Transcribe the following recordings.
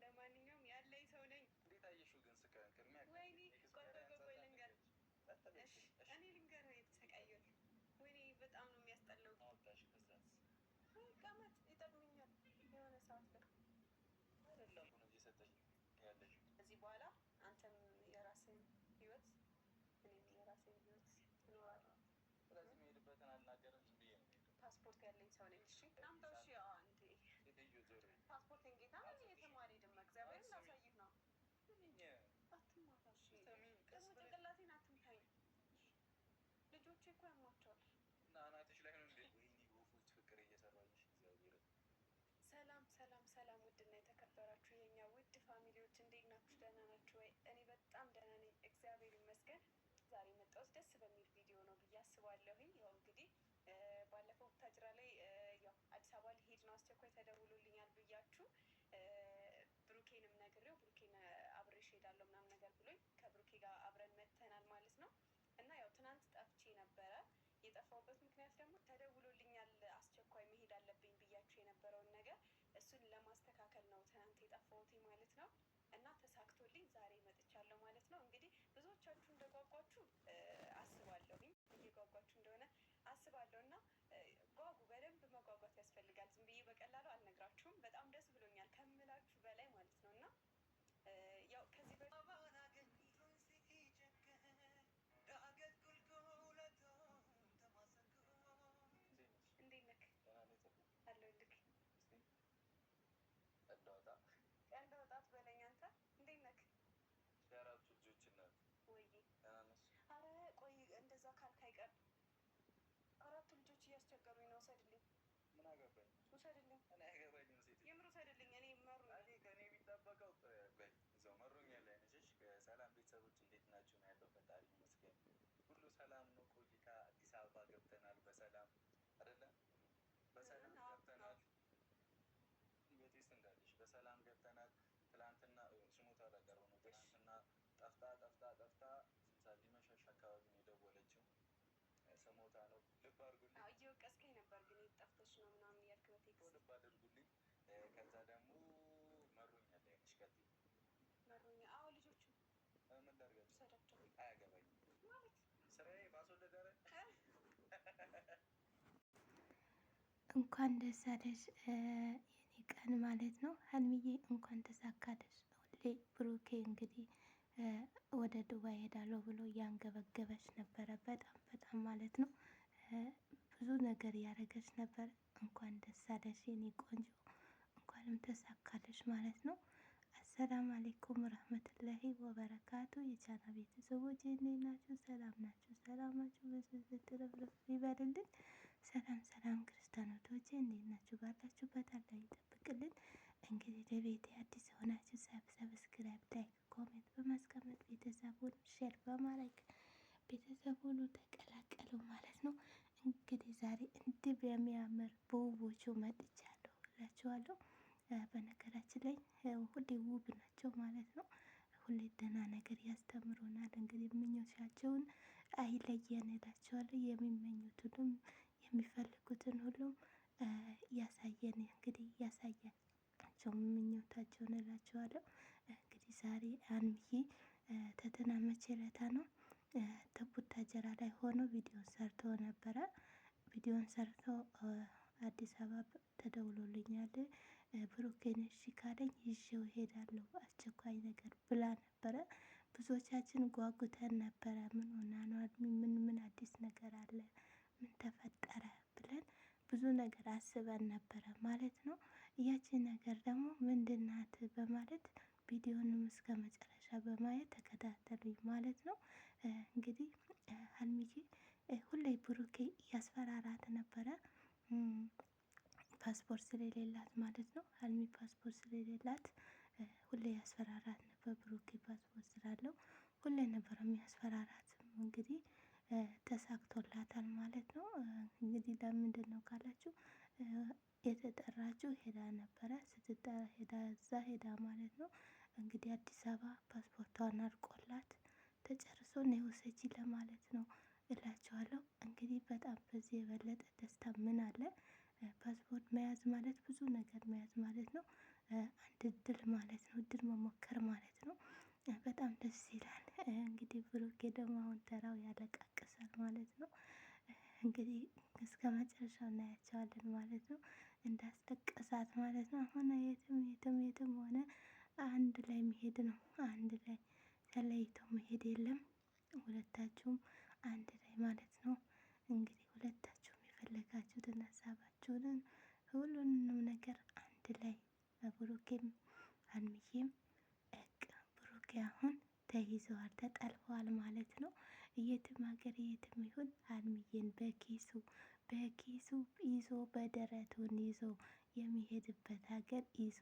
ለማንኛውም ያለኝ ሰው ነኝ። እንዴት አየሽው ግን እኔ ልንገርህ የተሰቃየሁት ወይኔ በጣም ነው የሚያስጠላው። ቀመጥ ይጠቅምኛል የሆነ ሰዓት ከዚህ በኋላ ፓስፖርት ያለኝ ሰው ነኝ። እሺ እሱን ለማስተካከል ልቀሩኝ ነው። ውሰድልኝ፣ ምን አገባኝ? ውሰድልኝ፣ የምር ውሰድልኝ። እኔ መሩ ከእኔ የሚጠበቀው እዛው መሩኝ ያለ አይነች። ሰላም ቤተሰቦች እንዴት ናችሁ? ነው ያለው። ፈጣሪ ይመስገን ሁሉ ሰላም ነው። ሰሞታ ነው። ልብ አድርጉልኝ። እየወቀስከኝ ነበር ግን ጠፍተሽ ነው ምናምን እያልክ ልብ አድርጉልኝ። ከዛ ደግሞ ቀጥ አዎ ልጆቹ ምን ላድርጋቸው? ሰዳቸው ማለት ስራዬ እንኳን ደስ አለሽ የኔ ቀን ማለት ነው። ሀልሚዬ እንኳን ተሳካለሽ። ሁሌ ብሩኬ እንግዲህ ወደ ዱባይ ሄዳለሁ ብሎ እያንገበገበች ነበረ። በጣም በጣም ማለት ነው ብዙ ነገር እያደረገች ነበር። እንኳን ደስ አለሽ የኔ ቆንጆ፣ እንኳንም ተሳካለሽ ማለት ነው። አሰላም አሌይኩም ረህመቱላሂ ወበረካቱ። የቻና ቤተሰቦች እንዴት ናችሁ? ሰላም ናችሁ? ሰላማችሁ በስብስብ ትረፍረፍ ይበልልን። ሰላም ሰላም ክርስቲያኖቶች እንዴት ናችሁ? ባላችሁበት አላህ ይጠብቅልን። እንግዲህ ለቤቴ አዲስ የሆናችሁ ሰብሰብ ስክራይብ ላይ ኮሜንት በማስቀመጥ ቤተሰቡን ሼር በማድረግ ቤተሰቡን ተቀላቀሉ ማለት ነው። እንግዲህ ዛሬ እንዲህ በሚያምር በውቦቹ መጥቻለሁ እላችኋለሁ። በነገራችን ላይ ሁሌ ውብ ናቸው ማለት ነው። ሁሌ ደህና ነገር ያስተምሩናል። እንግዲህ ምኞታቸውን አይለየን እላችኋለሁ። የሚመኙትንም የሚፈልጉትን ሁሉም ያሳየን እንግዲህ ያሳያቸው ምኞታቸውን እላችኋለሁ። ዛሬ አንብዬ ተተናመቼ ለታ ነው ተቡታጀራ ላይ ሆኖ ቪዲዮን ሰርቶ ነበረ። ቪዲዮን ሰርቶ አዲስ አበባ ተደውሎልኛል። ብሩኬን እሺ ካለኝ ይዤው ሄዳለሁ አስቸኳይ ነገር ብላ ነበረ። ብዙዎቻችን ጓጉተን ነበረ። ምን ሆና ነው ምን ምን አዲስ ነገር አለ ምን ተፈጠረ ብለን ብዙ ነገር አስበን ነበረ ማለት ነው። ያቺ ነገር ደግሞ ምንድን ናት በማለት ቪዲዮንም እስከ መጨረሻ በማየት ተከታተሉኝ ማለት ነው። እንግዲህ ሀይሚዬ ሁሌ ብሩኬ እያስፈራራት ነበረ ፓስፖርት ስለሌላት ማለት ነው። ሀይሚ ፓስፖርት ስለሌላት ሁሌ ያስፈራራት ነበር። ብሩኬ ፓስፖርት ስላለው ሁሌ ነበር የሚያስፈራራት። እንግዲህ ተሳክቶላታል ማለት ነው። እንግዲህ ለምንድን ነው ካላችሁ የተጠራችው ሄዳ ነበረ ስትጠራ ሄዳ እዛ ሄዳ ማለት ነው እንግዲህ አዲስ አበባ ፓስፖርቷን አርቆላት ተጨርሶ ነው የወሰጂ ለማለት ነው እላቸዋለሁ። እንግዲህ በጣም በዚህ የበለጠ ደስታ ምን አለ? ፓስፖርት መያዝ ማለት ብዙ ነገር መያዝ ማለት ነው። አንድ እድል ማለት ነው። እድል መሞከር ማለት ነው። በጣም ደስ ይላል። እንግዲህ ብሩኬ ደግሞ አሁን ተራው ያለቃቅሳል ማለት ነው። እንግዲህ እስከ መጨረሻ እናያቸዋለን ማለት ነው። እንዳስለቀሳት ማለት ነው። አሁን የትም የትም የትም ሆነ አንድ ላይ መሄድ ነው። አንድ ላይ ተለይቶ መሄድ የለም። ሁለታችሁም አንድ ላይ ማለት ነው። እንግዲህ ሁለታችሁም የፈለጋችሁትን ሀሳባችሁንን ሁሉንም ነገር አንድ ላይ በብሩኬም ሀይሚዬም በቃ ብሩኬ አሁን ተይዘዋል፣ ተጠልፈዋል ማለት ነው። የትም ሀገር የትም ይሁን ሀይሚዬን በኪሱ በኪሱ ይዞ በደረቱን ይዞ የሚሄድበት ሀገር ይዞ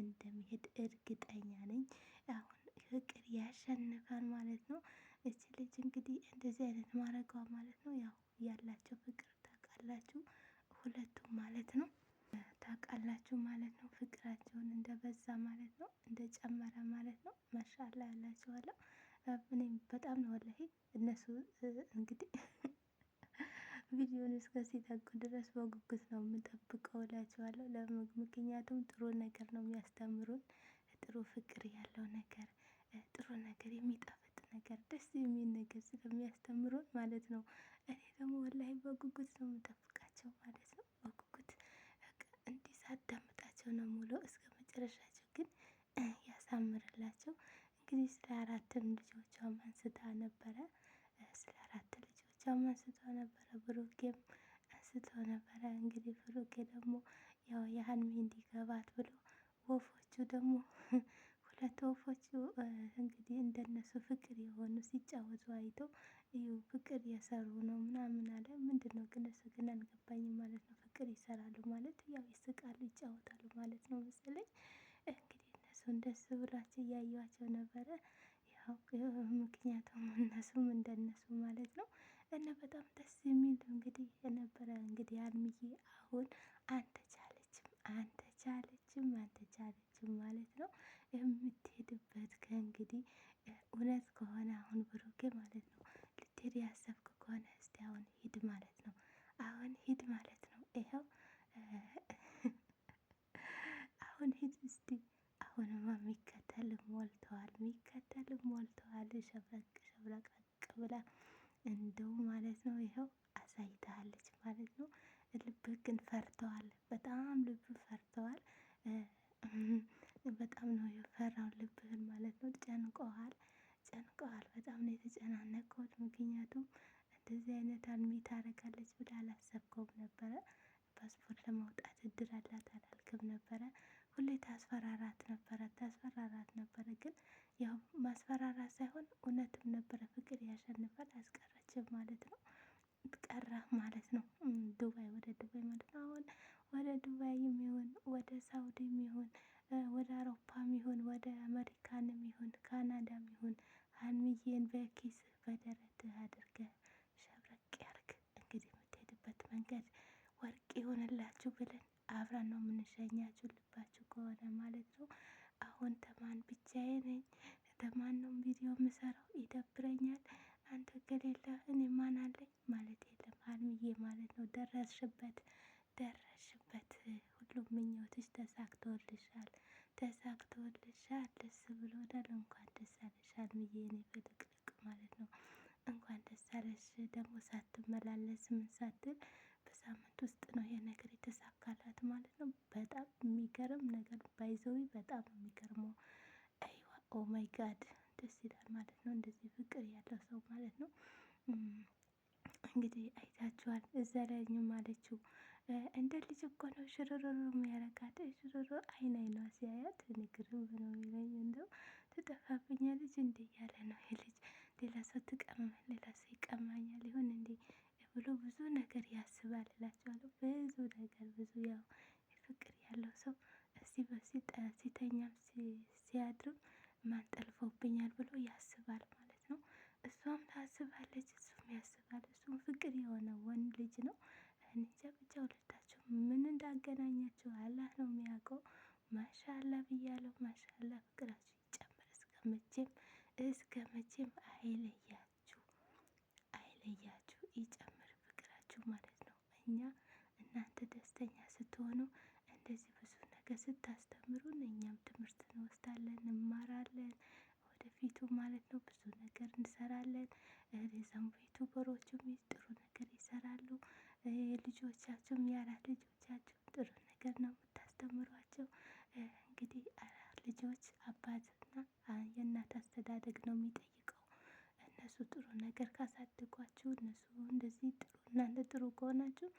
እንደሚሄድ እርግጠኛ ነኝ። አሁን ፍቅር ያሸንፋል ማለት ነው። እች ልጅ እንግዲህ እንደዚህ አይነት ማድረጓ ማለት ነው ያው ያላቸው ፍቅር ታውቃላችሁ፣ ሁለቱም ማለት ነው ታውቃላችሁ ማለት ነው። ፍቅራቸውን እንደበዛ ማለት ነው እንደጨመረ ማለት ነው። ማሻላ ያላችኋለሁ። እኔም በጣም ነው ወላሂ እነሱ እንግዲህ ቪዲዮን እስከ ሲጠጉ ድረስ በጉጉት ነው የምጠብቀው እላችኋለሁ። ምክንያቱም ጥሩ ነገር ነው የሚያስተምሩን፣ ጥሩ ፍቅር ያለው ነገር፣ ጥሩ ነገር፣ የሚጣፍጥ ነገር፣ ደስ የሚል ነገር ስለሚያስተምሩን ማለት ነው። እኔ ደግሞ ወላሂ በጉጉት ነው የምጠብቃቸው ማለት ነው። በጉጉት እንዲህ ሳዳምጣቸው ነው ሙሉ እስከ መጨረሻቸው። ግን ያሳምርላቸው። እንግዲህ ስለ አራትም ልጆቿም አንስታ ነበረ ሩቻም አንስቶ ነበረ፣ ብሩኬም አንስቶ ነበረ። እንግዲህ ብሩኬ ደግሞ ያው የሀልሚ እንዲገባት ብሎ ወፎቹ ደግሞ ሁለት ወፎቹ እንግዲህ እንደነሱ ፍቅር የሆኑ ሲጫወቱ አይቶ ፍቅር የሰሩ ነው ምናምን አለ። ምንድን ነው ግን እሱ ግን አልገባኝም ማለት ነው። ፍቅር ይሰራሉ ማለት ያው ይስቃሉ፣ ይጫወታሉ ማለት ነው መሰለኝ። እንግዲህ እነሱ እንደሱ ብሏቸው እያዩቸው ነበረ። ያው ምክንያቱም እነሱም እንደነሱ ማለት ነው። እና በጣም ደስ የሚል እንግዲህ የነበረ እንግዲህ ሀይሚዬ አሁን አልተቻለችም አልተቻለችም አልተቻለችም ማለት ነው የምትሄድበት ከእንግዲህ እውነት ከሆነ አሁን ብሩኬ ማለት ነው ልትሄድ ያሰብክ ከሆነ እስቲ አሁን ሂድ ማለት ነው አሁን ሂድ ማለት ነው ይኸው አሁን ሂድ እስቲ አሁንማ የሚከተል ሞልተዋል የሚከተል ሞልተዋል ሸብረቅ ሸብረቅ ብላ እንደው ማለት ነው ይኸው አሳይታለች ማለት ነው። ልብ ግን ፈርተዋል፣ በጣም ልብ ፈርተዋል። በጣም ነው የፈራው ልብህን ማለት ነው። ጨንቀዋል፣ ጨንቀዋል። በጣም ነው የተጨናነቀውት። ምክንያቱም እንደዚህ አይነት አልሚ ታደርጋለች ብላ አላሰብከውም ነበረ። ፓስፖርት ለማውጣት እድል አላት አላልክም ነበረ። ሁሌ ታስፈራራት ነበረ፣ ታስፈራራት ነበረ። ግን ያው ማስፈራራት ሳይሆን እውነትም ነበረ ፍቅር ያሸንፋል። ቤተሰብ ማለት ነው ቀረ ማለት ነው። ዱባይ ወደ ዱባይ ማለት ነው። አሁን ወደ ዱባይ የሚሆን ወደ ሳውዲ የሚሆን ወደ አውሮፓ የሚሆን ወደ አሜሪካን የሚሆን ካናዳ የሚሆን ሀይሚዬን በኪስ በደረትህ አድርገህ ሸብረቅ ያርግ። እንግዲህ የምትሄድበት መንገድ ወርቅ ይሆንላችሁ ብለን አብረን ነው የምንሸኛችሁ። ልባችሁ ከሆነ ማለት ነው። አሁን ተማን ብቻዬ ነኝ። ተማን ነው ቪዲዮ የምሰራው ይደብረኛል። አንተ ከሌለ እኔ ማን አለኝ ማለት የለም ሀይሚዬ ማለት ነው። ደረስሽበት ደረስሽበት። ሁሉም ምኞትሽ ተሳክቶልሻል ተሳክቶልሻል። ደስ ብሎናል። እንኳን ደስ አለሽ ሀይሚዬ የኔ ፍልቅልቅ ማለት ነው። እንኳን ደስ አለሽ ደግሞ ሳትመላለስ ምን ሳትል በሳምንት ውስጥ ነው ይሄ ነገር የተሳካላት ማለት ነው። በጣም የሚገርም ነገር ባይዘዊ በጣም አልመሰለኝም አለችው። እንደ ልጅ እኮ ነው ሽሩሩ የሚያረጋት ሽሩሩ አይን አይኗ ሲያያት ንግርም ነው የሚለኝ። እንደው ትጠፋብኛለች እንዴ እያለ ነው ልጅ ሌላ ሰው ትቀማል፣ ሌላ ሰው ይቀማኛል ይሆን እንዴ ብሎ ብዙ ነገር ያስባል እላቸዋለሁ። ብዙ ነገር ብዙ ያው ፍቅር ያለው ሰው እስቲ ሲተኛም ሲያድርም ማን ጠልፎብኛል ብሎ ያስባል ማለት ነው። እሷም ታስባለች። ያስባል። እሱም ፍቅር የሆነ ወንድ ልጅ ነው። እንጃ ብቻ ሁለታቸው ምን እንዳገናኛቸው አላህ ነው የሚያውቀው። ማሻላ ብያለሁ። ማሻላ ፍቅራችሁ ይጨምር እስከ መቼም እስከ መቼም አይለይ። በዩቱብ ማለት ነው ብዙ ነገር እንሰራለን። እዛም በዩቱበሮቹ ጥሩ ነገር ይሰራሉ። ልጆቻቸውም የአራት ልጆቻቸው ጥሩ ነገር ነው የምታስተምሯቸው። እንግዲህ አራት ልጆች አባትና የእናት አስተዳደግ ነው የሚጠይቀው። እነሱ ጥሩ ነገር ካሳደጓችሁ እነሱ እንደዚህ ጥሩ እናንተ ጥሩ ከሆናችሁ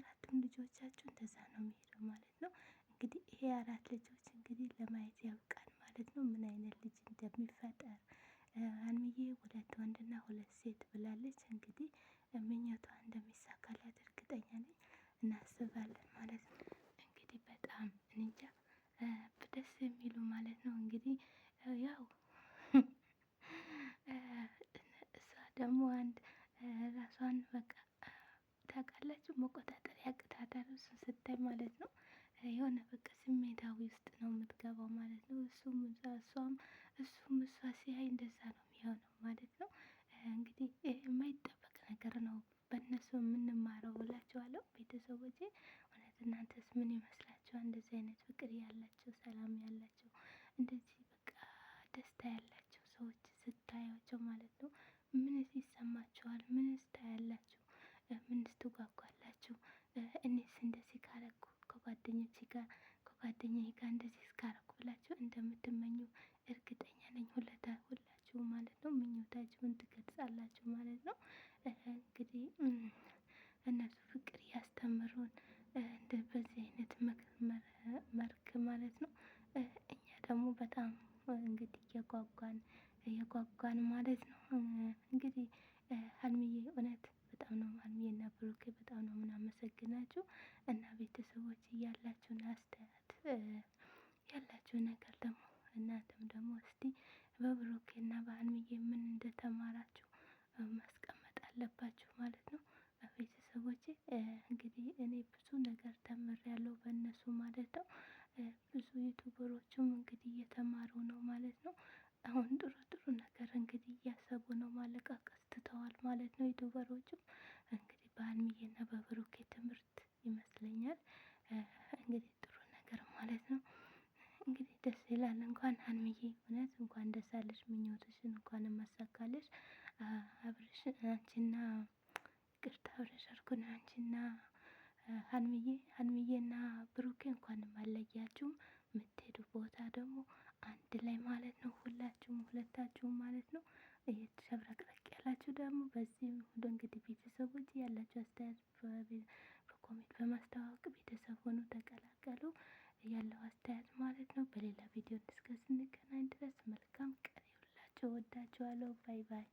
አራቱም ልጆቻችሁ እንደዛ ነው የሚሄደው ማለት ነው። እንግዲህ ይሄ አራት ልጆች ብላለች። እንግዲህ ምኞቷ እንደሚሳካላት እርግጠኛ ነኝ እናስባለን ማለት ነው። እንግዲህ በጣም እንጃ ደስ የሚሉ ማለት ነው። እንግዲህ ያው እሷ ደግሞ አንድ ራሷን በቃ ታውቃላችሁ መቆጣጠር ያቅታታል። እሱ ስታይ ማለት ነው የሆነ በቃ ስሜታዊ ውስጥ ነው የምትገባው ማለት ነው። እሱም እሷም እሱም እሷ ሲያይ እንደዛ ነው የሚሆነው ማለት ነው። እንግዲህ የማይጠበቅ ነገር ነው በእነሱ የምንማረው ብላችኋለሁ። ቤተሰቦቼ እውነት እናንተስ ምን ይመስላችኋል? እንደዚህ አይነት ፍቅር ያላቸው ሰላም ያላቸው እንደዚህ በቃ ደስታ ያላቸው ሰዎች ስታያቸው ማለት ነው ምንስ ይሰማችኋል? ምንስ ታያላችሁ? ምንስ ትጓጓላችሁ? እኔስ እንደዚህ ካረኩ ከጓደኞቼ ጋር ከጓደኛዬ ጋር እንደዚህ እስካረኩ ብላችሁ እንደምትመኙ እርግጠኛ ነኝ። ሁለታ ሁላችሁ ማለት ነው ምኞታችሁን ትክክል አላችሁ ማለት ነው። እየተማሩ ነው ማለት ነው። አሁን ጥሩ ጥሩ ነገር እንግዲህ እያሰቡ ነው። ማለቃቀስ ትተዋል ማለት ነው። ዩቱበሮችም እንግዲህ በሀይሚዬና በብሩኬ ትምህርት ይመስለኛል እንግዲህ ጥሩ ነገር ማለት ነው። እንግዲህ ደስ ይላል። እንኳን ሀይሚዬ እውነት እንኳን ደስ አለሽ። ምኞትሽን እንኳን ማሳካለሽ። አብረሽ አንቺና ይቅርታ አብረሽ አልኩኝ። አንቺና ሀይሚዬ ሀይሚዬና ብሩኬ እንኳን አለያችሁም። የምትሄዱ ቦታ ደግሞ አንድ ላይ ማለት ነው። ሁላችሁም ሁለታችሁም ማለት ነው እየተሸብረቅረቅ ያላችሁ ደግሞ በዚህ ሁሉ እንግዲህ ቤተሰቦች ያላችሁ አስተያየት በኮሜንት በማስተዋወቅ ቤተሰብ ሆኑ ተቀላቀሉ። ያለው አስተያየት ማለት ነው። በሌላ ቪዲዮ እስከ ስንገናኝ ድረስ መልካም ቀን ይሁንላችሁ። ወዳችኋለሁ። ባይ ባይ።